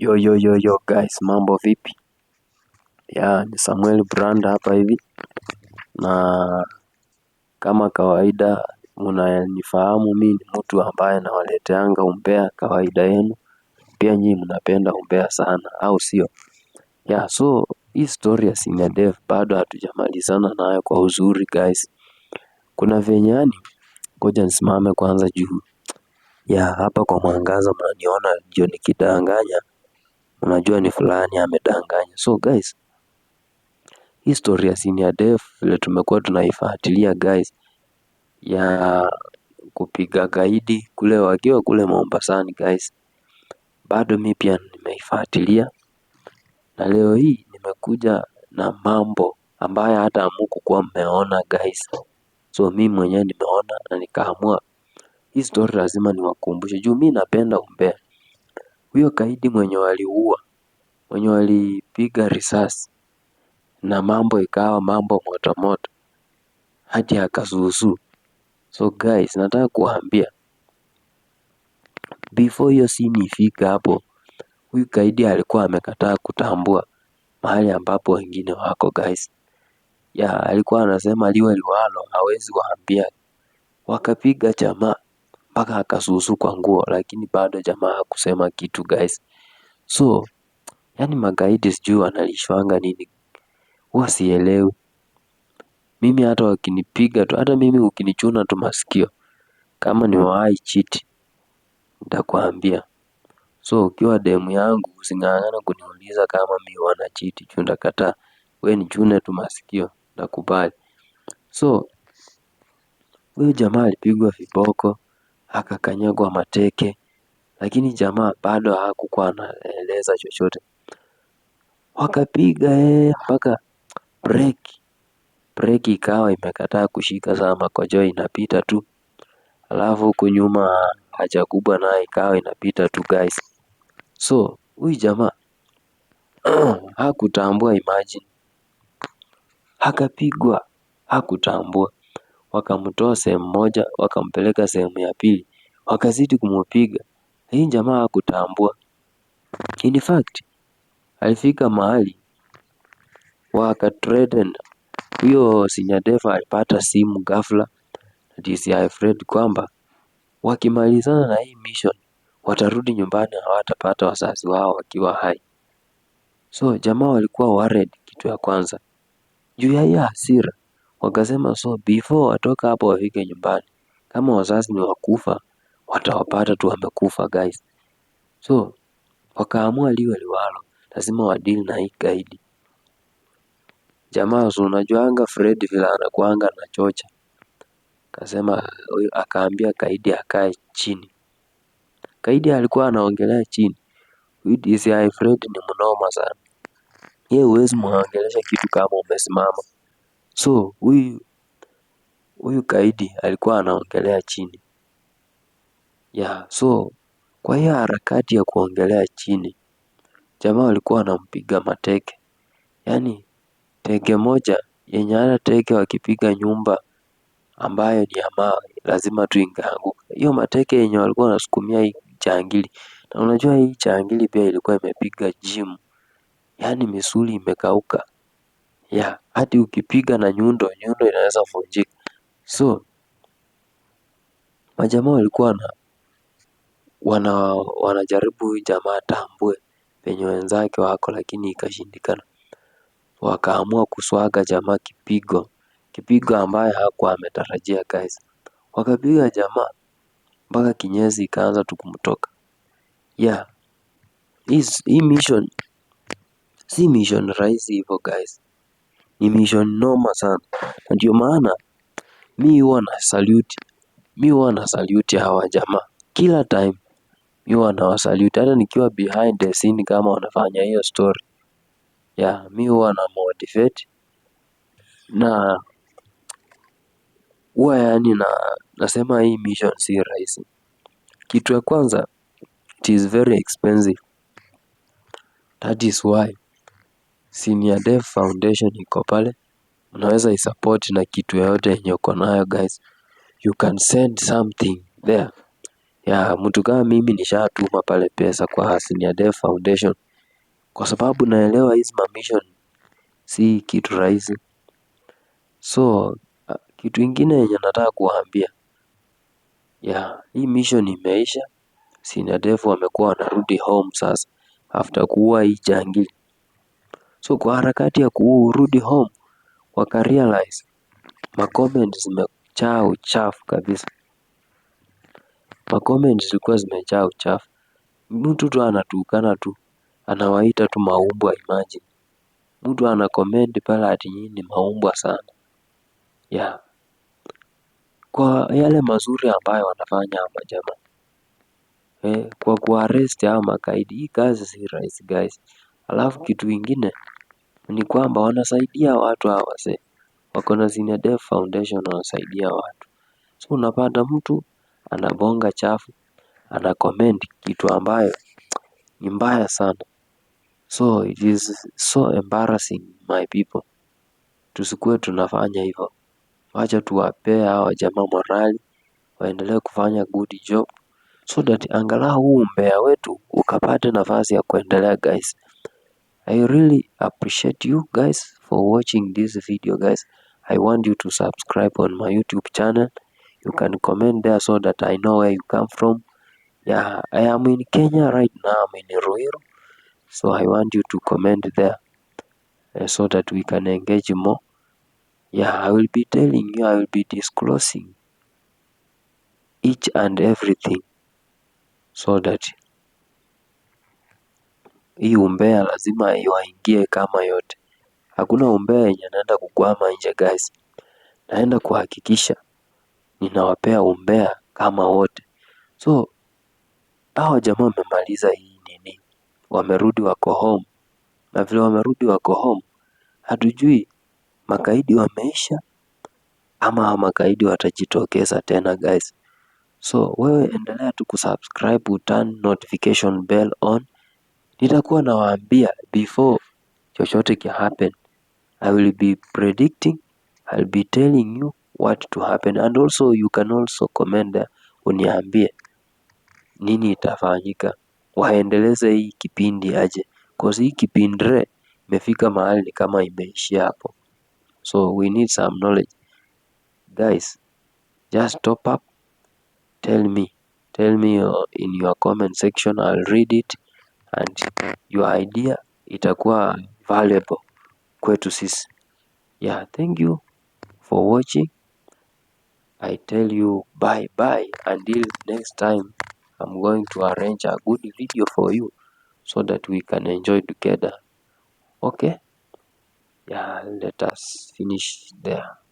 Yo, yo, yo, yo guys, mambo vipi? Ya, ni Samuel Brand hapa hivi, na kama kawaida mnanifahamu, mi ni mtu ambaye nawaleteanga umbea kawaida yenu, pia nyinyi mnapenda umbea sana, au sio? Ya, so hii story ya Senior Dev bado hatujamalizana nayo kwa uzuri guys. Kuna venyani ngoja nisimame kwanza juu ya hapa kwa mwangaza, mnaniona ndio nikidanganya unajua ni fulani amedanganya. So guys, hii story ya senior vile tumekuwa tunaifuatilia guys, ya kupiga gaidi kule wakiwa kule Mombasani guys, bado mi pia nimeifuatilia, na leo hii nimekuja na mambo ambayo hata hamkukuwa mmeona guys. So mi mwenyewe nimeona na nikaamua hii story lazima niwakumbushe juu mi napenda umbea. Huyo gaidi mwenye waliua, mwenye walipiga risasi na mambo ikawa mambo moto moto hadi akazuzu. So guys nataka kuambia before hiyo scene ifika hapo, huyu gaidi alikuwa amekataa kutambua mahali ambapo wengine wako guys. Ya alikuwa anasema liwe liwalo hawezi waambia. Wakapiga jamaa mpaka akasusu kwa nguo lakini bado jamaa hakusema kitu guys so yani magaidi sijui wanalishwanga nini huwa sielewi mimi hata wakinipiga tu hata mimi ukinichuna tu masikio kama nimewahi chiti nitakwambia so ukiwa demu yangu using'ang'ana kuniuliza kama mi wana chiti chunda kata, we nichune tu masikio nakubali so huyu jamaa alipigwa viboko akakanyagwa mateke lakini jamaa bado hakukuwa anaeleza chochote. Wakapiga yeye mpaka breki, breki ikawa imekataa kushika, saa makojoo inapita tu, alafu huku nyuma haja kubwa nayo ikawa inapita tu guys. So huyu jamaa hakutambua, imagine, akapigwa hakutambua wakamtoa sehemu moja, wakampeleka sehemu ya pili, wakazidi kumupiga. Hii jamaa hakutambua. In fact, alifika mahali waka threaten huyo Sinyadeva alipata simu ghafla DCI Fred kwamba wakimalizana na hii mission watarudi nyumbani hawatapata wazazi wao wakiwa hai. So jamaa walikuwa worried, kitu ya kwanza juu ya hii hasira Wakasema so before watoka hapo wafike nyumbani, kama wazazi ni wakufa watawapata tu wamekufa guys. So wakaamua liwe liwalo, lazima wadili na hii gaidi jamaa. Unajuanga Fred vile anakuanga na chocha, kasema akaambia gaidi akae chini. Gaidi alikuwa anaongelea chini, Fred ni mnoma sana, ye huwezi muongelesha kitu kama umesimama. So huyu kaidi alikuwa anaongelea chini yeah, so kwa hiyo harakati ya kuongelea chini jamaa walikuwa wanampiga mateke, yaani teke moja yenye hata teke wakipiga nyumba ambayo ni ya mawe lazima tu ingeanguka. Hiyo mateke yenye walikuwa wanasukumia hii changili, na unajua hii changili pia ilikuwa imepiga gym, yaani misuli imekauka ya hadi ukipiga na nyundo, nyundo inaweza vunjika. So majamaa walikuwa wanajaribu huyu jamaa atambue penye wenzake wako lakini ikashindikana. Wakaamua kuswaga jamaa kipigo, kipigo ambaye hakuwa ametarajia guys. Wakapiga jamaa mpaka kinyezi ikaanza tu kumtoka. Yeah, hii mission si mission rahisi hivyo guys imeisha noma sana, na ndio maana mi huwa na salute, mi huwa na salute hawa jamaa kila time, mi huwa na wasalute hata nikiwa behind the scene kama wanafanya hiyo story ya yeah, mi huwa na motivate na huwa yani na nasema hii mission si rahisi. Kitu ya kwanza it is very expensive, that is why Senior Dev Foundation iko pale. Unaweza isupport na kitu yoyote yenye uko nayo guys. You can send something there. Ya mtu kama mimi nishatuma pale pesa kwa Senior Dev Foundation. Kwa sababu naelewa hizi ma mission si kitu rahisi. So ah, kitu ingine yenye nataka kuwaambia ya hii mission imeisha. Senior Dev wamekuwa wanarudi home sasa after kuua hii jangili. So kwa harakati ya kurudi home wakarealize macomment zimejaa uchafu kabisa, macomment zilikuwa zimejaa uchafu. Mtu tu anatukana tu, anawaita tu maumbwa. Imagine mtu ana comment pale ati nyinyi ni maumbwa sana yeah. Kwa yale mazuri ambayo wanafanya hapa jamaa eh, kwa kuarrest ama makaidi. Hii kazi si rahisi guys, alafu kitu ingine ni kwamba wanasaidia watu hawa wazee. Wako na Ziniadef Foundation wanasaidia watu. So unapata mtu anabonga chafu, ana comment kitu ambayo ni mbaya sana. So it is so embarrassing my people. Tusikuwe tunafanya hivyo. Wacha tuwapee hawa jamaa morali waendelee kufanya good job so that angalau huu umbea wetu ukapate nafasi ya kuendelea guys. I really appreciate you guys for watching this video guys. I want you to subscribe on my YouTube channel. You can comment there so that I know where you come from. Yeah, I am in Kenya right now. I'm in Ruiru. So I want you to comment there uh, so that we can engage more. Yeah, I will be telling you, I will be disclosing each and everything so that hii umbea lazima iwaingie kama yote. Hakuna umbea yenye naenda kukwama nje guys. Naenda kuhakikisha ninawapea umbea kama wote. So hawa jamaa wamemaliza hii nini. Wamerudi wako home. Na vile wamerudi wako home hatujui makaidi wameisha ama makaidi watajitokeza tena guys. So wewe endelea tu kusubscribe, turn notification bell on nitakuwa nawaambia before chochote kia happen I will be predicting I'll be telling you what to happen and also you can also comment there uniambie nini itafanyika waendeleze hii kipindi aje cause hii kipindire imefika mahali ni kama imeishia hapo so we need some knowledge guys just top up tell me tell me in your comment section I'll read it and your idea itakuwa valuable kwetu sisi. Yeah, thank you for watching. I tell you bye bye until next time I'm going to arrange a good video for you so that we can enjoy together. Okay? Yeah, let us finish there.